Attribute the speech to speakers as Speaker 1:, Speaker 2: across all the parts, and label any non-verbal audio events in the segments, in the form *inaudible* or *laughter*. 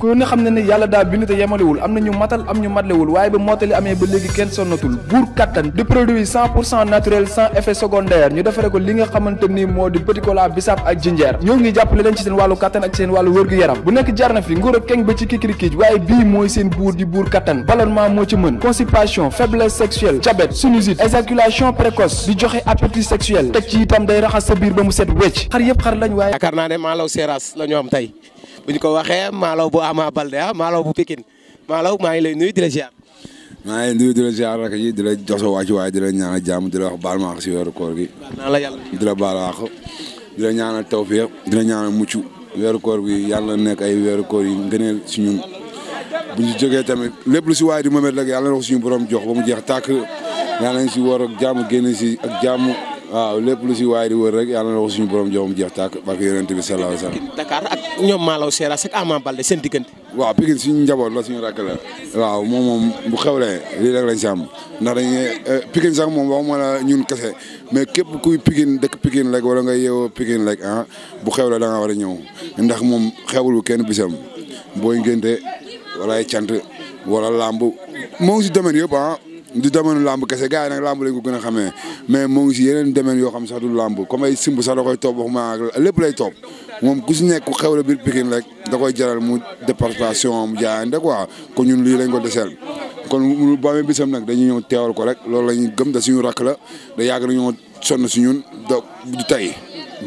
Speaker 1: ku ne xam ne ne yàlla daa bind te yemalewul am na ñu matal am ñu matlewul waaye ba mottali amee ba léegi kenn sonnatul buur kattan di produit cent pour cent naturel sans effet secondaire ñu defare ko li nga xamante ni moo di petit bisaab ak jinjeer ñoo ngi jàppale leen ci seen wàllu kattan ak seen wàllu wërgu yaram bu nekk jarna fi nguur ak keng ba ci kikirikiij waaye bii mooy seen buur di buur kattan ballonnement moo ci mën constipation faiblesse sexuelle diabète sinusite éjaculation précoce di joxe appétit sexuel ci itam day raxas sa biir ba mu set wecc yëpp xar lañ waaye yaakaar ne maa law seeraas la ñu tey bu ñu ko waxee maalaw bu Ama Balde ah maalaw bu Pikine maalaw maa ngi lay nuyu di la ziar.
Speaker 2: maa ngi lay nuyu di la ziar rek yi di la jox sa wàcc waaye di la ñaanal jàmm di la wax baal ma wax si weeru koor gi. di la baal wax di la ñaanal tawfeex di la ñaanal mucc weeru koor gi yàlla nekk ay weeru koor yi gëneel si ñun bu ñu jógee tamit lépp lu si waay di momet rek yàlla na ko suñu borom jox ba mu jeex tàkk yàlla nañ si woor ak jàmm génn si ak jàmm. waaw lépp lu si waay di wër rek yàlla na ko suñu borom joxum jeex tàkk barke yonent bi sallallahu alayhi ak ñoom Malaw Seras ak Ama Baldé seen diggante waaw Pikine suñu njaboot waaw moom moom bu xewlee lii rek lañ si am ndax dañuy eh, eh, Pikine sax moom waxuma la ñun kese mais képp kuy Pikine dëkk Pikine rek wala nga yeewoo Pikine rek ah, bu xewlee da nga war a ñëw ndax moom xewlu kenn bisam booy ngénte wala ay cant wala làmb moo ngi si domaine yëpp ah du domaine làmb kese gaa yi nag làmb lañ ko gën a xamee mais moom si yeneen domaine yoo xam sax du làmb kom ay simb sax da koy topp waxuma ak lépp lay topp moom ku si nekk ku xew la biir Pikine rek da koy jaral mu départation mu jaayande quoi ko ñun lii lañ ko deseel kon lu boomee bisam nag dañuy ñëw teewal ko rek loolu la ñuy gëm da suñu rakk la da yàgg nañoo sonn si ñun du tey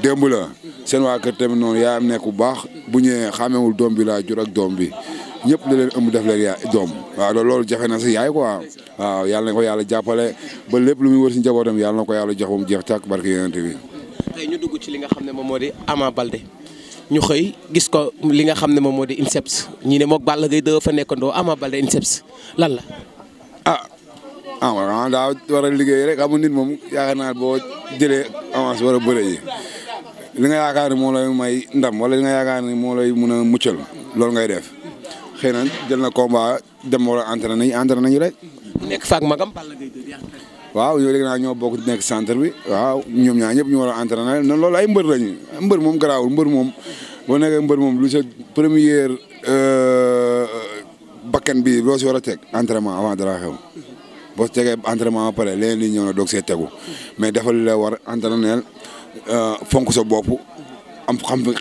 Speaker 2: démb la seen waa kër tamit noonu yaayam nekk bu baax bu ñëwee xàmmewul doom bi laa jur doom bi ñëpp da leen ëmb def leen yaay doom waaw loolu jafe na si yaay quoi waaw na ko yàlla jàppale ba lépp lu muy wër si njabootam yàlla na ko yàlla jox ba mu jeex tàkk barke yonent bi.
Speaker 1: tey ñu dugg ci li nga xam ne moom moo di Ama Baldé ñu xëy gis ko li nga xam ne moom moo di INSEPS ñi ne moog Balla Gaye 2 fa nekkandoo Ama Baldé INSEPS lan la. ah ah,
Speaker 2: ah daa war a liggéey rek amul nit moom yaakaar naa boo jëlee avance war a bëre li nga yaakaar ni moo lay may ndam wala li nga yaakaar ni moom lay mun a muccal loolu ngay def xëy na jël na combat dem war a entraîné nañu entraîné nañu rek. nekk faak magam Balla Gaye waaw yooyu léegi nag ñoo bokk nekk centre bi waaw ñoom ñaar ñëpp ñu war a entraîné noonu loolu ay mbër lañu mbër moom garaawul mbër moom boo nekkee mbër moom lu sa première euh, bakkan bi loo si war a teg entraînement avant dara xew boo si tegee entraînement ba pare mais dafa la war entraîné euh, fonk sa bopp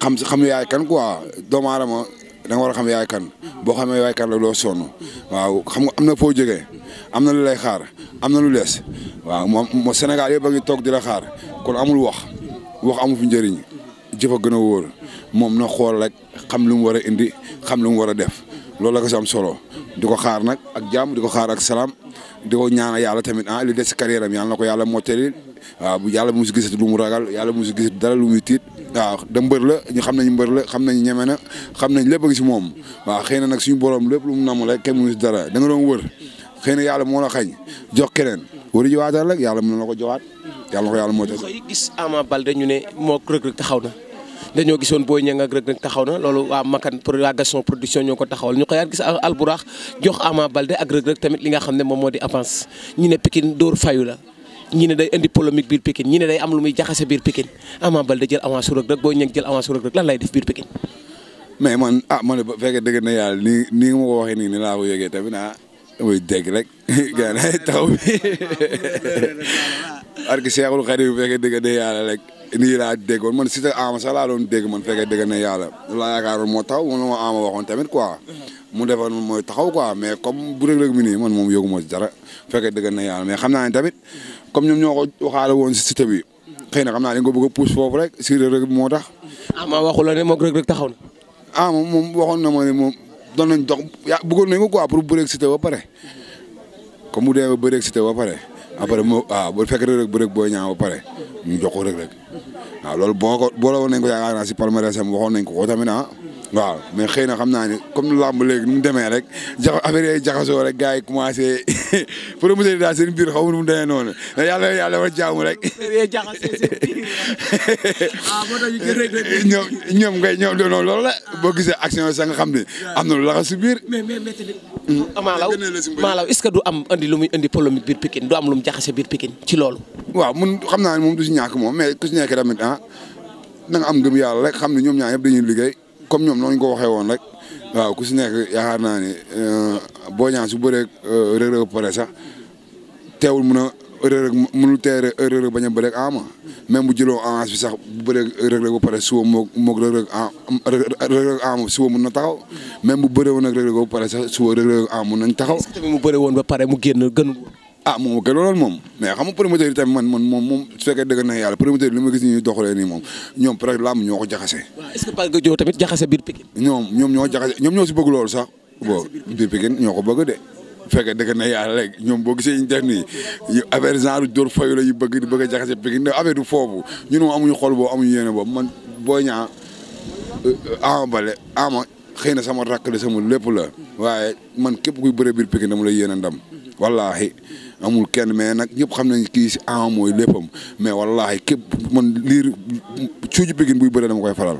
Speaker 2: xam xam yaay kan quoi doomu da war a xam yaay kan boo xamee yaay kan la doo sonn waaw xam am na foo jógee am na lu lay xaar am na lu lees waaw moom Sénégal yëpp a ngi toog di la xaar kon amul wax wax amul fi njëriñ jëf a gën a wóor moom na xool rek xam lu mu war a indi xam lu mu war a def loolu la ko si am solo. di ko xaar nag ak jàmm di ko xaar ak salaam di ko ñaanal yàlla tamit ah li des si carrière am yàlla na ko yàlla mottali waaw bu yàlla bu mu si gisati lu mu ragal yàlla bu mu si gisati dara lu muy tiit waaw da mbër la ñu xam ñu mbër la xam nañ ñeme na xam nañ lépp a ngi si moom waaw xëy na nag suñu borom lépp lu mu namm rek kenn mu si dara da nga doon wër xëy na yàlla moo la xañ jox keneen wër jiwaatal rek yàlla mën na ko joxaat yàlla na ko yàlla mottali.
Speaker 1: gis Ama ñu ne moo Reug Reug taxaw na. dañoo gisoon Boy Niang ak Reug taxaw na loolu waa Makan waa Gaston production ñoo ko taxawal ñu xëyaat gis Alburax jox Ama Balde ak Reug Reug tamit li nga xam ne moom moo di avance ñi ne Pikine dóor fayu la ñi ne day indi polémique biir Pikine ñi ne day am lu muy jaxase biir Pikine Ama
Speaker 2: Balde jël avance Reug Reug Boy Niang jël avance Reug Reug lay def biir Pikine mais man ah man bu fekkee dëgg na yàlla nii nii nga ma ko waxee nii ni laa ko yëgee tamit ah muy dégg rek *laughs* gars yi taxaw bi arki seexul xarit bu dëgg na yàlla nii laa déggoon man Siteu Ama sax laa doon dégg man fekkee dégg na yàlla laa yaakaaroon moo taxaw moom la tamit quoi mu defoon mooy taxaw quoi mais comme bu Reug Reug mi nii man moom yógu moo si dara fekkee dégg na yàlla mais xam naa ne tamit comme ñoom ñoo ko waxaale woon si Siteu bi xëy na xam naa dañ ko bëgg a foofu rek si Reug Reug bi moo tax Ama
Speaker 1: waxu la ne moom Reug Reug taxaw na
Speaker 2: ah moom moom waxoon na moo ne moom doon nañ dox yaa bëggoon nañ ko quoi pour bëreeg Siteu ba pare comme bu demee ba bëreeg ba pare après moo waaw ah, bu fekkee Reug Reug bëreeg Boy Niang ba pare ñu jox ko Reug Reug waaw loolu boo ko boole woon nañ ko yaakaar naa si palmarès am waxoon nañ ko ko tamit ah. waaw mais xëy na xam naa ne comme làmb léegi nu mu demee rek jaxa affaire yi jaxasoo rek gars yi commencé *laughs* promoteur yi daal seen biir xaw ma nu mu demee noonu mais yàlla yàlla dafa jaamu rek. *laughs* Ah, ñoom ñoom ngay ñoom loolu la boo gisee action sax nga xam am
Speaker 1: na lu si biir. maalaw mm. ah, maalaw est-ce que du am indi lu muy indi polémique biir
Speaker 2: Pikine du am lu jaxase biir Pikine ci loolu. waaw mun xam naa ne moom du si ñàkk moom mais ku si nekk tamit ah na nga am gëm yàlla rek xam ne ñoom ñaar ñëpp dañuy liggéey comme ñoom noonu ñu ko waxee woon rek waaw ku si nekk yaakaar naa ne euh, boo ñaa su bëree euh, réew pare sax teewul mun a Reug Reug mënul tee Reug Reug bañ a bëreeg Ama même bu jëloo avance bi sax bu bëreeg Reug Reug ba pare suba moog moog Reug mun na taxaw même bu bëree woon ak Reug Reug ba pare sax suba Reug Reug Ama mun nañ taxaw. est-ce que woon ba pare mu génn gënu. ah moom a gënoon moom mais xam nga promoteur tamit man man moom moom su fekkee dëgg na yàlla promoteur yi li ma gis ñuy doxalee nii moom ñoom ñoo ko jaxase. waaw est-ce que parce que yow tamit jaxase ñoom ñoom ñoo ñoom ñoo si bëgg sax. boo biir Pikine bon ñoo ko bëgg de fekkee dëgg na yàlla rek ñoom boo gisee ñu def nii affaire genre dóor fayu la yu bëgg di bëgg a jaxase Pikine ne affaire du foofu ñun moom amuñu xol boobu amuñu yéene boobu man boo ñaa euh, ama ama xëy na sama rakk la sama lépp la waaye man képp kuy bëre biir Pikine dama lay yéene ndam wallaahi amul kenn mais nag ñëpp xam nañ kii si ama mooy léppam mais wallaahi képp man liir cuuju Pikine buy bëre dama koy faral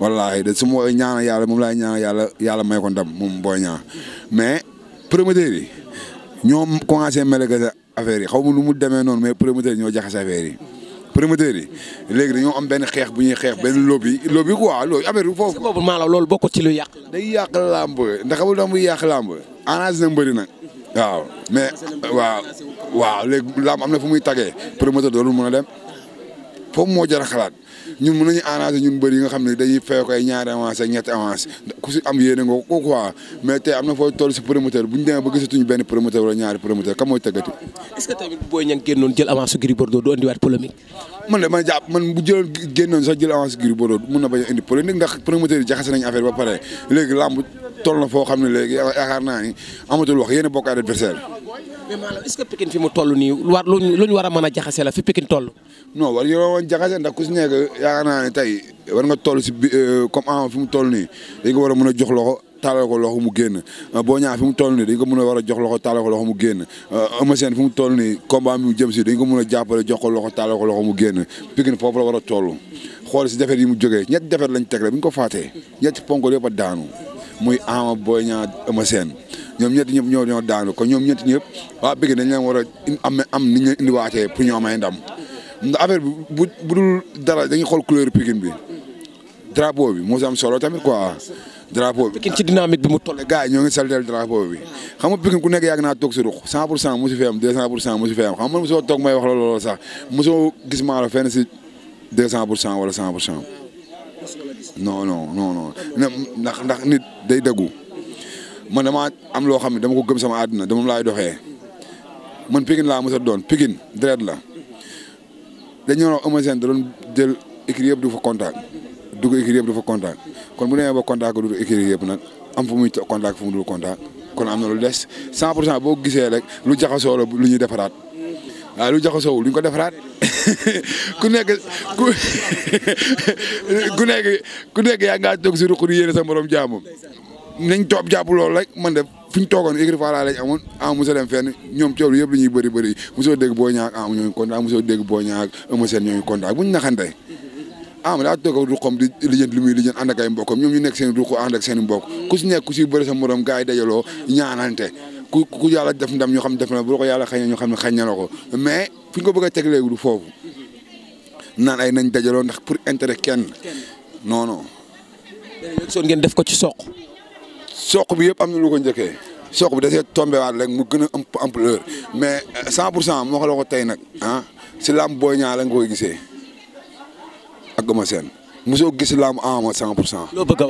Speaker 2: wallaahi da su ma ñaanal yàlla moom laa ñaanal yàlla yàlla may ko ndam moom boo ñaa promoteurs yi ñoom commencé mélangé affaire yi xaw ma lu mu demee noonu mais promoteurs yi ñoo jaxase affaire yi. promoteurs yi léegi dañoo am benn xeex bu ñuy xeex benn lobby lobby quoi loolu affaire bi foofu. maa loolu bokkut ci lu yàq. day yàq làmb ndax bu doon muy yàq làmb arrange na mbëri nag. waaw mais waaw waaw léegi làmb am na fu muy tàggee promoteur doonul mën a dem foofu moo jar a xalaat. ñun mën nañu arranger ñun bëri yi nga xam ne dañuy fay ko ay ñaari avance ak ñetti avance ku si am yéene nga ko quoi mais tey am na foo toll si promoteur bu ñu demee ba gisatuñu benn promoteur wala ñaari promoteur kam mooy tëggati. est-ce génnoon jël avance su Gris Bordeaux du andiwaat na bañ a indi polémique ndax promoteur yi jaxase nañu ba pare léegi lamb toll na foo xam ne léegi yaakaar naa amatul wax yéen a bokk adversaire.
Speaker 1: mais que Pikine fi mu toll nii war lu war a mën a jaxase la fi Pikine toll.
Speaker 2: non war yoo woon jaxase ndax ku si nekk yaakaar war nga toll si bi euh, comme Ama fi mu toll nii dañ ko war a mën a jox loxo taalal mu génn euh, boo ñaa fi mu toll nii dañ ko mën a war a jox loxo taalal ko loxo mu génn euh, Eumeu Sène toll nii combat jëm si dañ ko mën a jàppale jox ko loxo taalal ko mu génn Pikine foofu la war a toll xool si defet yi mu jógee ñetti defet lañ teg rek bu ñu ko faatee ñetti ponk yëpp a daanu. muy Ama Boy Niang Eumeu Sène ñoom ñett ñëpp ñoo ñoo daanu ko ñoom ñett ñëpp waa bëgg dañ leen war a am am ni ñu indiwaatee pour ñoo may ndam ndax affaire bi bu bu dul dara dañuy xool couleur Pikine bi drapeau bi mu si solo tamit quoi drapeau bi. Pikine ci dynamique bi mu toll. gars yi ñoo ngi saltel drapeau bi xam nga Pikine ku nekk yàgg naa toog si ruq 100 pour cent mosu fee am 200 pour cent mosu fee am xam nga man mosoo toog may wax sax mosoo si 200 pour cent wala 100 pour non non non non ndax nit day ma man ma am loo xam ne dama ko gëm sama àdduna dama laay doxee man Pikine laa mos a doon Pikine deret la dañu wax Eumeu Sène da doon jël écurie yëpp du fa contact dugg écurie yëpp du fa contact kon mu demee ba contact ko du écurie yëpp nag am fu muy contact fu mu dul contact kon am na lu des 100 pour cent boo gisee rek lu jaxasoo la lu ñuy defaraat. waaw lu jaxasoowul duñ ko defaraat *laughs* ku nekk ku *laughs* ku nekk ku nekk yaa ngaa toog si ruq di yéene sa morom jaamu nañ toog jàpp loolu rek man de fi ñu toogoon écurie Fara lañ amoon ah mosoo dem fenn ñoom coow yëpp ñuy bëri bëri mosoo boo ñaak ah ñooñu kontaan mosoo dégg boo ñaak ëmb seen ñooñu bu ñu naxante ah ma daa toog ruqam di lijjanti lu muy lijjanti ànd ak ay mbokkam ñoom ñu nekk seen ruq ànd ak seen mbokk ku nekk ku si bëri sa morom dajaloo ñaanante ku ku yàlla def ndam ñoo xam ne def na bu la ko yàlla xañ xam ne xañ na la mais fi ñu ko bëgg a teg léegi du foofu naan ay nañ dajaloo ndax pour intérêt kenn non non. ngeen def ko ci soq. soq bi yëpp am na lu ko njëkkee. soq bi dafay tombe waat rek mu gën a am ampleur mais 100 euh, pour cent moo ko la tey nag ah si laam booy ñaa la nga koy gisee ak ma seen mosoo gis laam am 100 pour cent. loo bëgg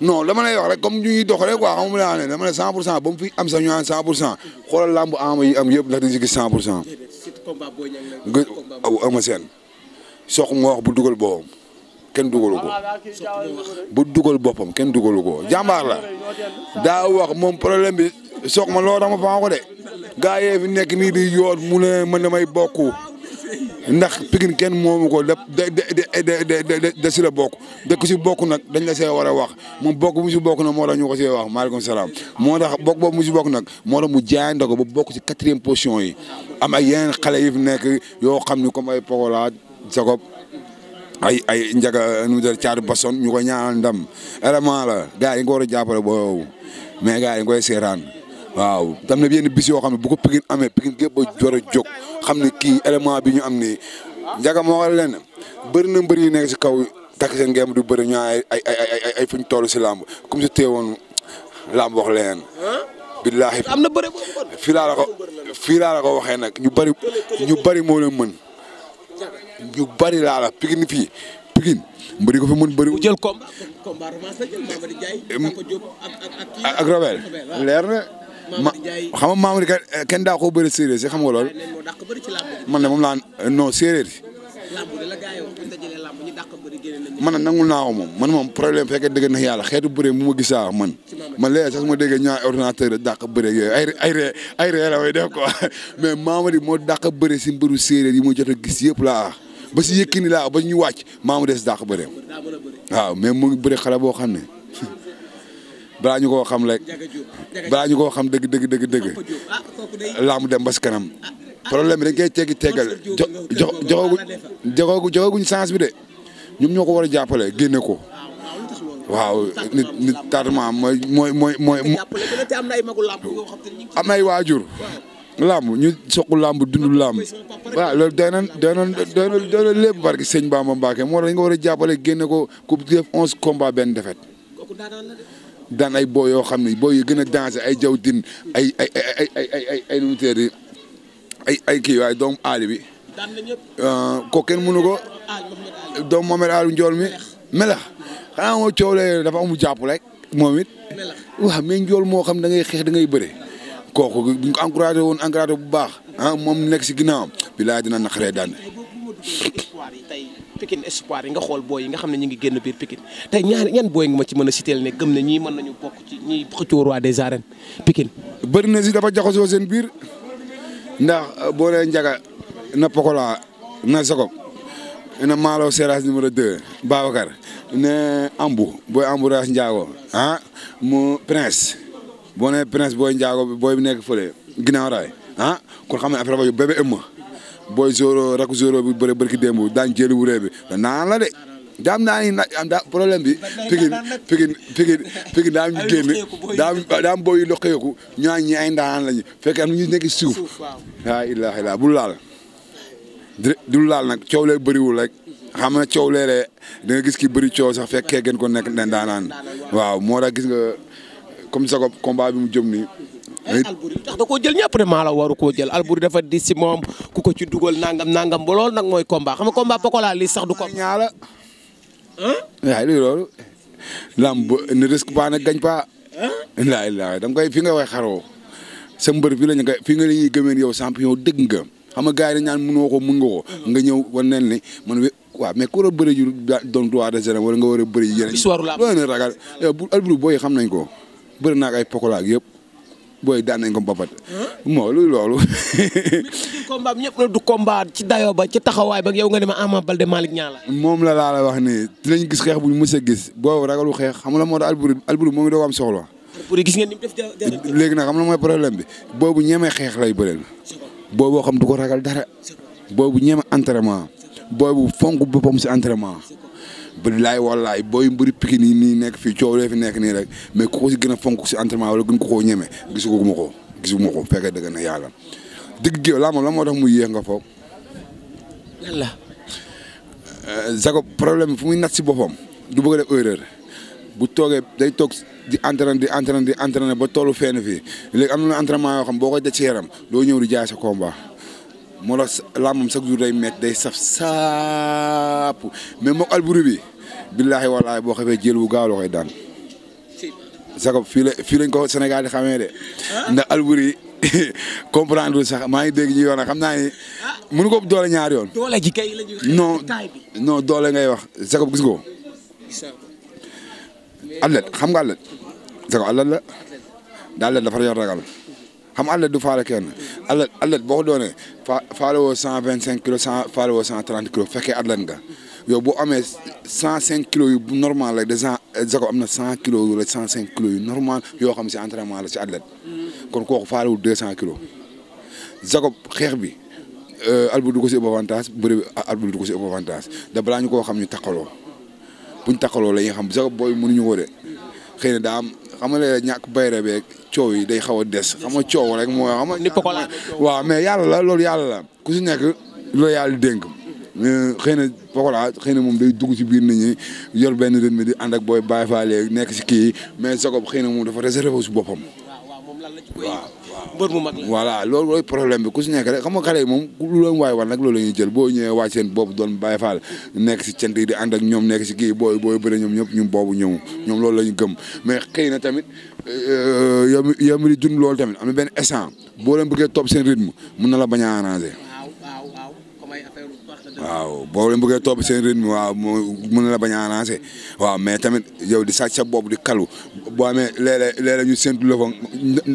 Speaker 2: non dama lay wax rek comme ñu ngi dox rek quoi xam nga ne dama pour cent ba mu fi am sa ñu naan 100 pour cent xoolal làmb am yi am yëpp ndax dañu si gis 100 pour cent. ama seen soq moo wax bu dugal boobam kenn dugalu ko bu dugal boppam kenn dugalu ko jàmbaar la daa wax moom problème bi soq ma looloo dama faa ko de. gaa fi nekk nii di yoon mu ne man damay bokk. ndax Pikine kenn moomu ko da da da da si bokk dëkk si bokk nag dañ la see war a wax moom bokk mu si bokk nag moo tax ñu ko see wax maaleykum salaam moo tax bokk boobu mu si bokk nag moo tax mu jaayante ko ba bokk si quatrième position yi am ay yeneen xale yu fi nekk yoo xam ni comme ay Pokola Jacob ay ay njaga nu de caatu bason ñu ko ñaanal ndam élément la gars yi nga war a jàppale boobu mais gars yi nga koy seeraan waaw tam na yenn bis yoo xam ne bu ko Pikine amee Pikine gépp a war a jóg xam ne kii élément bi ñu am nii njaga moo war leen bëri na mbër yi nekk si kaw takk seen ngeen du bëri ñu ay ay fu ñu toll si lamb comme si teewoon làmb wax leneen. billaahi am na bëri fii laa la fii laa ko waxee nag ñu bari ñu bëri moo mën ñu bëri laa la Pikine fii Pikine mbëri ko fi mën jël koom. ak ak leer na. ma xam nga Mamadou Ndiaye eh, kenn daa koo bëri séeréer si xam nga loolu. man de moom laa eh, non séeréer yi. man nag nangul naa ko moom man moom problème fekkee dëgg na yàlla xeetu bëree mu ma gisaa man man léegi sax ma déggee ñaar ordinateur la dàq bëree yooyu ay ay ree ay ree la may def *laughs* moo dàq bëree si mbëru séeréer yi ma jot a gis yëpp laa ba si Yékini laa ba ñu wàcc Mamadou des dàq bëree waaw mais mu ngi bëri xale boo xam ne balaa ñu koo xam rek balaa ñu koo xam dëgg dëgg dëgg dëgg laamu ah, dem ba kanam ah, ah, problème bi dañ koy teggi teggal jo jo joxoogu joxooguñ chance bi de ñoom ñoo ko war a jàppale génne ko. waaw nit nit tardement mooy mooy mooy mooy. am ay waajur. làmb ñu soqu làmb dundul làmb waaw loolu doy na doy na doy na doy na sëñ Bamba Mbacke moo tax dañ ko war a jàppale génne ko ku def onze combat benn défaite. daan ay boo yoo xam ne boo yu gën a danger ay jaw din ay ay ay ay ay ay ay numétaires yi ay ay kii waaye doomu aali bi. Ah, ko kenn mënu ko. doomu Mohamed Aliou Ndiol mi. melax xanaa moo coow dafa amul jàpp rek moom it. waaw mais Ndiol moo xam da ngay xeex da ngay bëre. kooku bu ñu ko encouragé woon encouragé bu baax. ah moom nekk si ginnaawam. bi laa dina naqaree daan.
Speaker 1: Pikine espoir i nga xool booy yi nga xam ne ñu ngi génn biir Pikine te ñaar yan booy nga ma ci mën a citeel ne gëm na ñii mën nañu bokk ci ñiy
Speaker 2: xëccoo roi des arènes Pikine. bëri na si dafa jaxasoo seen biir ndax euh, boo nee Ndiaga na Pokola na Sokob na Malo Seras numéro 2 Babacar ne Ambu booy Ambu Ras Ndiago ah mu Prince boo nee Prince booy Ndiago booy bi nekk fële ginnaaw raay ah, kon xam ne affaire boobu bébé ëmma booy zoro rak zoro bi bëri bërki démb daan jëli wu bi naan la de daam naa ni na problème bi Pikine Pikine Pikine Pikine daam ñu génn daam daam booy yu loqeeku ñu naan ñi fekk am nekk suuf laa ilaaha illaa bul laal dul laal nag coow lee bëriwul rek xam na coow leelee da nga gis ki bëri coow sax fekkee gen ko nekk ne ndaanaan waaw moo tax gis nga comme ça ko combat bi mu jëm Alboury tax da jël ñëpp ne la waru koo jël Alboury dafa di
Speaker 1: moom ku ko ci dugal nangam nangam ba loolu nag mooy combat xam nga combat Pokola lii sax du ko. ñaala.
Speaker 2: ah. lii loolu. lamb ne risque pas ne gañ pas. laa ilaaha da nga koy fi nga koy xaroo. sa mbër fi la ñu koy fi nga ñuy gëmeen yow champion dëgg nga xam nga gars yi dañ naan mënoo ko mën nga ko. Mm-hmm. nga ñëw wan leen ni man waaw mais ku war a bëri ju droit de gérer wala nga war a bëri yeneen. histoire la am loolu ragal Alboury booy xam nañ ko bëri naa ak ay Pokola ak yëpp booy daan nañ ko mbapat. moo lu loolu. *laughs*
Speaker 1: combat bi ñëpp du combat ci dayoo ba ci taxawaay ba yow nga ne ma Ama Baldé Malick Niang la.
Speaker 2: moom la laa la wax nii dinañ gis xeex bu ñu mës a gis boobu ragalu xeex xam la moo tax Alboury Alboury moo ngi am soxla. Alboury gis ngeen ni mu léegi nag xam la mooy problème bi boobu ñeme xeex lay bëreel. booboo xam du ko ragal dara. boobu ñeme entraînement. boobu fonk boppam si entraînement. laay walla walaay booy mbëri pikin yi nii nekk fii coow lee nekk nii rek mais ku ko si gën a fonk si entraînement wala gën ko koo ñeme gisuguma ko gisuguma ko bu fekkee dëgg na yàlla digg géew laa la moo tax muy yéex nga foog. yàlla. Euh, Jacob problème fu muy nat si boppam du bëgg a def bu toogee day toog di entraîné di entraîné di ba tollu fenn fii léegi am na entraînement yoo xam boo koy daj si yaram doo ñëw di jaay sa combat. moo tax làmbam chaque jour day métti day saf saap mais moog Alboury bi billaahi wallaahi boo xamee jël bu gaaw la koy daan. Jacob fii la fii lañ ko Sénégal di xamee de. Ah. ndax Alboury *laughs* comprendre sax maa ngi dégg ñu yoon xam naa ni ah. mënu ko doole ñaari yoon. doole ji kay lañuy non doole ngay wax Jacob gis nga ko. xam nga atlet Jacob atlet la. daa atlet dafa yor ragal. xam athlète du faale kenn athlète athlète boo ko doonee fa faale woo cent vingt cinq kilos cent faale woo cent trente kilos bu fekkee athlète nga yow boo amee cent cinq kilos yu normal rek de cent Jacob am na cent kilos wala cent cinq kilos yu normal yoo xam si entraînement la si athlète kon kooku faale wul deux cent kilos Jacob xeex bi euh, Alboury du ko si ëpp avantage bëri Alboury du ko si ëpp avantage da balaa ñu koo xam ñu takkaloo buñ takkaloo la ñuy xam Jacob booy mënuñu ko de xëy na daa am xam nga léeg ñàkk bayre beeg coow yi day xaw a des xam nga coow rek moo xam nga. mais yàlla la loolu yàlla la ku si nekk loolu yàlla dénk. xëy na Pokola xëy na moom day dugg ci biir nit ñi yor benn rythme di ànd ak booy Baye Fall nekk ci kii mais Jacob xëy na moom dafa réservé wu si boppam. mbër mu mag la voilà loolu looy problème bi ku si nekk rek xam nga xale yi moom lu leen waay war nag loolu la ñuy jël boo ñëwee waa seen boobu doon bàyyi di ànd ak ñoom nekk si kii booy booy bëri ñoom ñëpp ñun boobu ñëw ñoom loolu la ñu gëm mais xëy na tamit euh, yow mi di dund loolu tamit am na benn instant boo leen bëggee topp seen rythme mun na la bañ a waaw boo leen bëggee bi seen rythme waaw mën na la bañ a arrangé waaw mais tamit yow di sàcc sa bopp di kalu boo amee léeg-léeg léeg-léeg ñu séntu la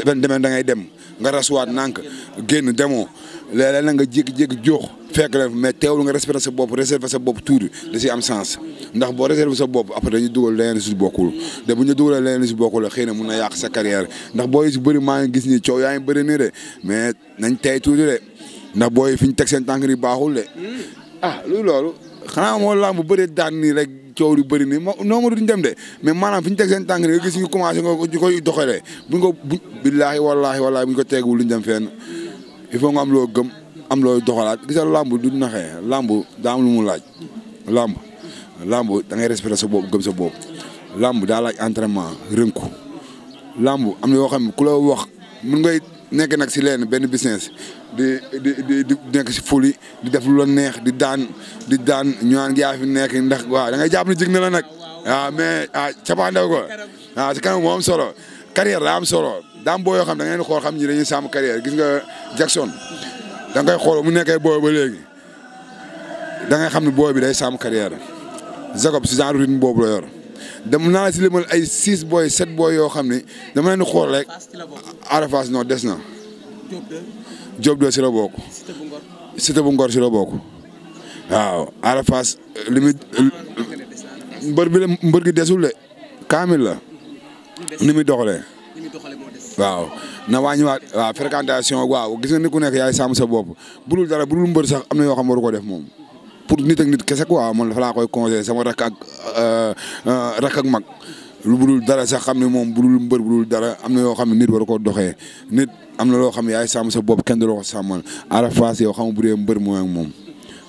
Speaker 2: fa demee da ngay dem nga rasuwaat nànk génn demoo léeg-léeg na nga jékki-jékki joox fekk la mais teewul nga respecté sa bopp réservé sa bopp tuuti da si am sens ndax boo réservé sa bopp après dañuy dugal leneen si bokkul te bu ñu dugalee leneen si bokkul xëy na mun na yàq sa carrière ndax boo yi si maa ngi gis ni coow yaa ngi bëri nii de mais nañ tey tuuti de booy fi ñu teg seen tànk ni baaxul de ah luy loolu xanaa moo làmb bëri daan nii rek coow lu bëri nii ma noo ma duñ dem de mais maanaam fi ñu teg seen tànk nii nga gis ñu commencé nga ñu koy doxalee buñ ko bu billaahi wallaahi wallaahi dem fenn il faut nga am loo gëm am loo doxalaat gisal làmb duñ naxee làmb daa am lu mu laaj làmb làmb da ngay respecté sa bopp gëm sa bopp làmb daa laaj entraînement rënku làmb am na yoo xam ne ku la nekk nag si leen benn business di di di di nekk si fuli di def lu la neex di daan di daan ñaan yaa fi nekk ndax waaw da ngay jàpp ne jig na la nag waaw mais ah capaandaw ko waaw ah, si kanam moo am solo carrière daa am solo daam boo yoo xam da ngeen xool xam ñi dañuy sàmm carrière gis nga Jackson da ngay xool mu nekkee booy ba léegi da ngay xam ne booy bi day sàmm carrière Jacob si genre rythme boobu la yor dem naa la si limal ay six booy sept booy yoo xam ne dama ni xool rek arafas noo des na. Diop de si la bokk. Cité bu Ngor si la waaw arafas li muy mbër bi la mbër gi desul de kaamil la. ni muy doxalee. waaw na wàññiwaat waaw fréquentation waaw gis nga ni ku nekk yaay sàmm sa bopp bulul dara bulul mbër sax am na yoo xam waru ko def moom. pour nit ak nit kese quoi man dafa laa koy conseillé sama rakk ak euh, euh, rakk ak mag lu budul dara sax xam ne moom budul mbër budul dara am na yoo xam ne nit war a koo doxee nit am na loo xam ne yaay sàmm sa bopp kenn du la ko sàmmal la face yow xam nga bu dee mbër mooy moom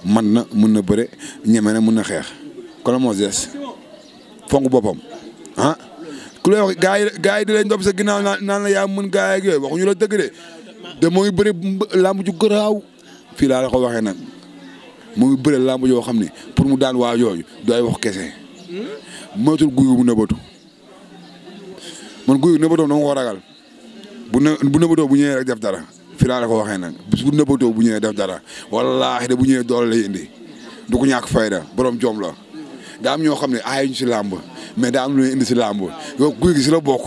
Speaker 2: man na mun na bëre ñeme na mun na xeex kon moo des fonk boppam ah. ku lay wax gaa yi gaa yi di leen dopp sa ginnaaw naan naan la yaa mën gaa yi ak yooyu waxuñu la dëgg de de moo fii laa la ko waxee mu ngi bëre làmb yoo xam ne pour mu daan waa yooyu du ay wax kese moytul guy bu nëbatu man guy bu nëbatoo dama ko ragal bu në bu nëbatoo bu ñëwee rek def dara fi laa la ko waxee nag bis bu nëbatoo bu ñëwee def dara wallaahi de bu ñëwee doole lay indi du ko ñàkk fayda borom jom la daa am ñoo xam ne aayuñu si làmb mais daa am lu ñuy indi si làmb yow guy gi si la bokk.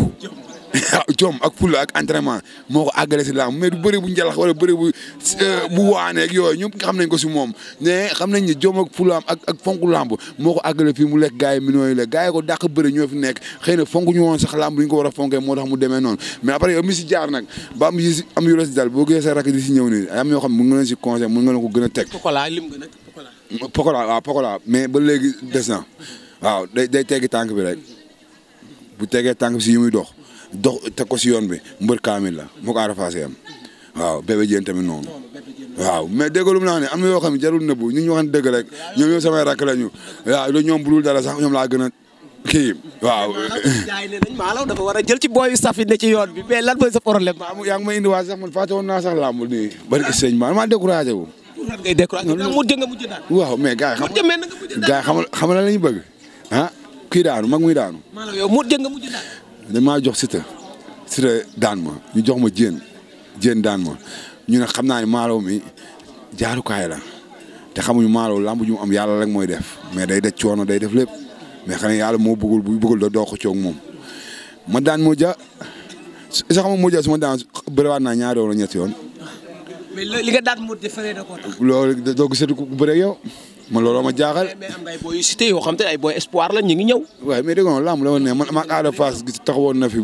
Speaker 2: *laughs* jom ak fulla ak entraînement moo ko àggale si laam mais du bëri bu njalax wala bëri bu euh, bu waaneeg yooyu ñëpp xam nañ ko si moom mais xam nañ ne jom ak fullaam ak ak fonk lamb moo ko àggale fii mu lekk gars yi millions yi lekk gars yi ko dàq bëri ñoo fi nekk xëy na fonk ñu woon sax lamb ñu ko war a fonkee moo tax mu demee noonu mais après yow mi si jaar nag ba am yi am yu la si dal boo gisee sa rakk di si ñëw nii am yoo xam mun nga leen si conseil mun nga leen ko gën a teg Pokola lim nga nag Pokola Pokola waaw Pokola mais ba léegi des na waaw day day teggi tànk bi rek bu tegee tànk bi si yi muy dox dox teg ko si yoon bi mbër kaamil la moo ko Ada Fass am waaw Bébé Diène tamit noonu waaw mais déggalum naa ne am na yoo xam ne jarul nëbbu ñu ñu waxoon dëgg rek ñoom ñoo samay rakk lañu waaw loolu ñoom bu dul dara sax ñoom laa gën a kii waaw. jaay ne dafa war a jël ci booy saf yi ne ci yoon bi mais lan sa problème. yaa ngi may indi waa sax man fàtte woon naa sax làmb nii bari sëñ ma maa découragé wu. lan ngay découragé mujj nga mujj daal. waaw mais gars yi xam ñu bëgg ah kii daanu mag muy daanu. dañ maa jox Siteu Siteu daan ma ñu jox ma jéen jéen daan ma ñu na xam naa ne maalaw mi jaarukaay la te xamuñu maalo làmb ju mu am yàlla rek mooy def mais day def coono day def lépp mais xanaa yàlla moo bëggul bu bëggul da doo ko coog moom. ma daan moo ja sax ma moo ja su ma daan bëriwaat naa ñaari yoon la yoon. loolu doo gisati ku bëree yow. man looloo ma jaaxal. mais ay boy yu yoo xam te ay boy espoir la ñu ngi ñëw. waaye mais dégg nga lamb la woon ne man maag Ada Fass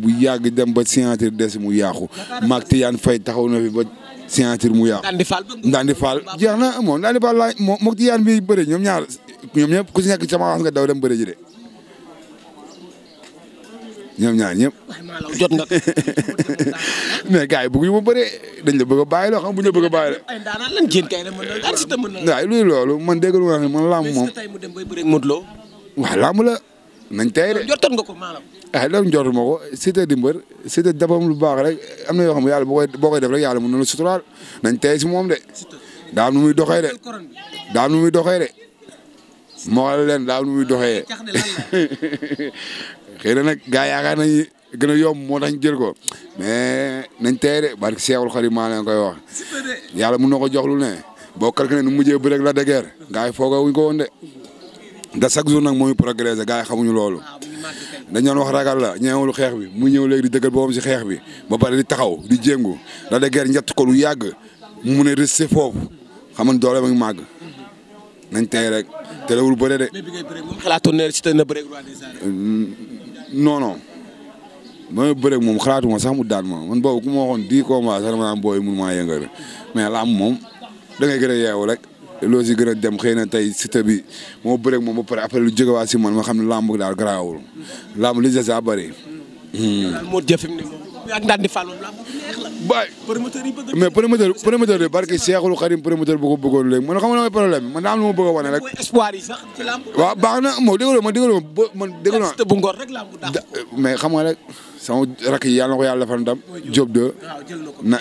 Speaker 2: bu yàgg dem ba signature des mu yàqu maag Tidiane Faye taxaw na fi ba signature mu yàqu. Ndandi Fall Ndandi Fall jeex na moom Ndandi Fall laa moom moog Tidiane bi bëre ñoom ñaar ñoom ñëpp ku si nekk sama wax nga daw dem bëre ji ñoom ñaar ñëpp. jot nga *laughs* mais gars yi bëgguñu ma bëree dañ la bëgg a bàyyi loo xam bu ñu la bëgg a bàyyi rek. waaw luy loolu man dégg nga ne man làmb moom. waaw làmb la nañ tey de. jotoon nga ko maanaam. ah loolu jotoon ma ko Siteu di mbër Siteu dabam lu baax rek am na yoo xam ne yàlla boo koy boo koy def yàlla mën na la suturaal nañ tey si moom de. daa am nu muy doxee de daa am nu muy de. moo leen daa am nu muy *laughs* xëy nag gaa yaakaar nañu gën a yomb moo tax ñu jël ko mais nañ tey de barke Seexul Xadim maa leen koy wax yàlla mun na ko jox lu ne boo calculé nu mujjee bu rek la de guerre gaa yi foogoo wuñ ko woon de da chaque jour nag moo ñu progressé gaa yi xamuñu loolu. dañ doon wax ragal la ñeewul xeex bi mu ñëw léegi di dëggal boobam si xeex bi ba pare di taxaw di jéngu la de guerre ko lu yàgg mu mun a foofu xam nga doole mag màgg nañ tey rek te lawul bëre de. mais bi ngay bëre moom non non ba bëre moom xalaatuma sax mu daan ma man boobu ku ma waxoon dix combats sax dama naan booy mun maa yëngal mais lamb moom da ngay gën a yeewu rek loo si dem xëy na tey Siteu bi moo bëre moom ba pare après lu jógewaat si man ma xam ne lamb daal garaawul lamb li des a
Speaker 1: ak Ndandi Falloum la bu neex
Speaker 2: la. waay promoteur yi mais promoteur promoteur bi barke Seexul Xarim promoteur bu ko bëggoon léegi man xam nga mooy problème man daa ma bëgg a sax ci lamb. waaw na moo déggoo ma déggoo ma man déggoo ma. bu ngor rek lamb dàq mais xam nga rek sama rakk yi yàlla na ko yàlla defal ndam. Diop de na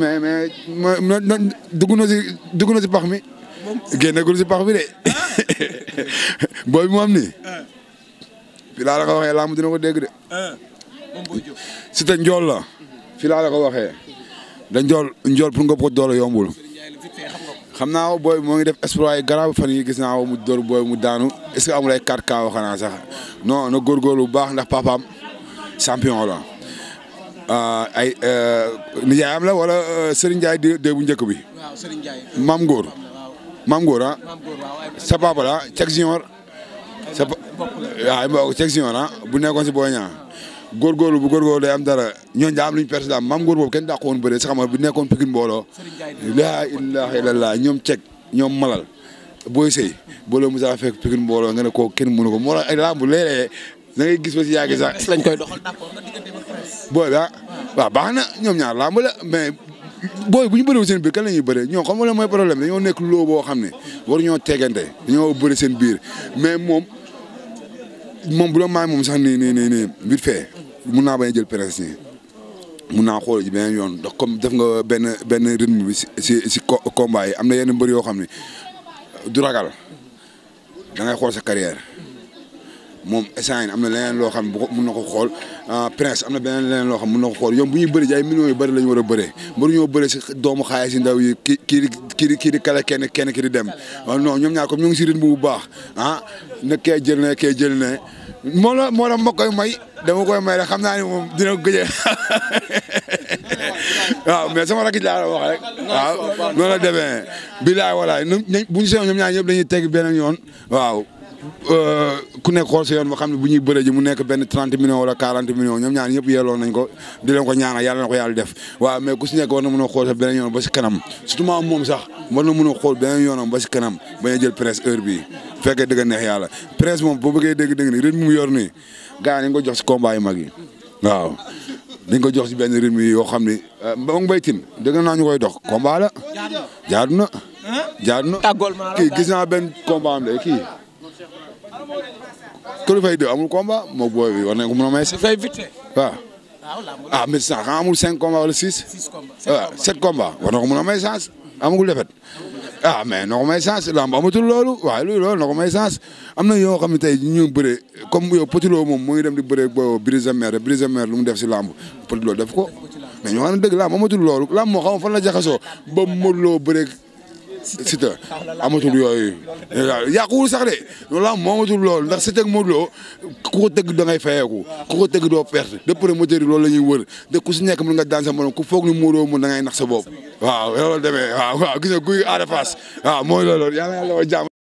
Speaker 2: mais mais ma na dugg na si dugg na si pax mi. génnagul si pax bi de ah. *laughs* booy bi mu am nii. fi ah. laa la ko waxee lamb ko dégg de. Ah. Siteu njool la. fi laa la ko waxee. da njool njool pour nga ko doole yombul. xam naa ko booy moo ngi def exploit yi garaaw fan yi gis naa ko mu dóor booy mu daanu est-ce que amul ay 4 cas xanaa sax non na góorgóorlu bu baax ndax papaam champion la. Euh, ay euh, nijaayam la wala euh, Serigne Ndiaye dee bu njëkk bi. waaw Serigne Ndiaye. maam Ngor. Ah? sa papa la Cheikh Junior. sa waaw mbokk Cheikh Junior ah bu nekkoon si booy ñaa góorgóorlu bu góorgóorlu day am dara ñooñu am lu ñu président maam góor boobu kenn dàqoon bëre si xam nga bu nekkoon Pikine laa ñoom ceg ñoom malal booy sëy booloo mu sax fekk Pikine mbooloo nga ne koo kenn mënu ko moo ay lamb léeg-léeg da ngay gis ba si yàgg sax lañ koy doxal booy bi ah baax na ñoom ñaar lamb la mais booy bu ñu bëriwul seen biir kan la ñuy bëree ñoom xam nga la mooy problème dañoo nekk loo boo xam ne waru ñoo tegante dañoo bëri seen biir mais moom moom bu doon moom sax nii nii ni nii ni fait mun naa bañ jël prince nii mun naa xool ci yoon ndax comme def nga benn benn rythme bi si si si combat yi am na yenn mbër yoo xam ne du da ngay xool sa carrière. moom instant am na leneen loo xam bu mun na ko xool ah, prince am na beneen leneen loo xam mun na ko xool ñoom bu ñu bëri ji ay millions yu bëri la ñu war a bëree mënuñoo bëri si doomu ndaw yi kii kii kii di kale kenn kenn ki di dem ah, non ñoom ñaar comme ñu ngi si rythme bu baax ah, na kee jël ne kee jël ne moo la moo la ma koy may dem dama koy may rek xam naa ni moom dina gëjee *laughs* waaw mais sama rakk laa la wax rek waaw noonu la demee bilaay walaay buñu seetloo ñoom ñaar ñëpp dañuy teg beneen yoon waaw Euh, ku nekk xool si yoon ba xam ne bu ñu bëre ji mu nekk benn trente millions wala quarante millions ñoom ñaar ñëpp yelloon nañ ko di leen ko ñaanal yàlla na ko yàlla def waaw mais ku si nekk war na mën a xool sa beneen yoon ba si kanam surtout moom sax war na mën a xool beneen yoonam ba si kanam bañ a jël presse heure bii bu fekkee dëgg neex yàlla presse moom boo bëggee dégg-dégg nii rythme mu yor nii gars yi dañ ko jox si waaw dañ ko jox si benn rythme yi yoo xam ni moom euh, baytin dëgg naa ñu koy dox combat la jaadu na jaadu na kii gis naa benn combat kii Coly Faye 2 amul combat moog booy bi war nañ ko mën a may. si fay vite. waaw. ah mais sax xam amul 5 combats wala 6. 6 combats waaw 7 combats war na ko mën a may chance amagul defet ah mais na ko may lamb amatul loolu waaye luy loolu na ko may chance am na yoo xam ne tey ñu bëre comme yow Petit Lo moom mu ngi dem di bëre bo lu mu def si lamb Petit Lo def ko mais ñoo xam ne dëgg lamb amatul loolu la jaxasoo ba Modou Lo bëre Siteu amatul yooyu yàquwul sax de loolu am moomatul loolu ndax Siteu ak Modou Lo ku ko tëgg da ngay fayeeku ku ko tëgg doo perte de promoteur yi la ñuy wër de ku si nekk mën nga daan sa morom ku foog ni Modou Lo mën da ngay nax sa bopp waaw loolu demee waaw waaw gis guy aada waaw mooy loolu yàlla yàlla wa jàmm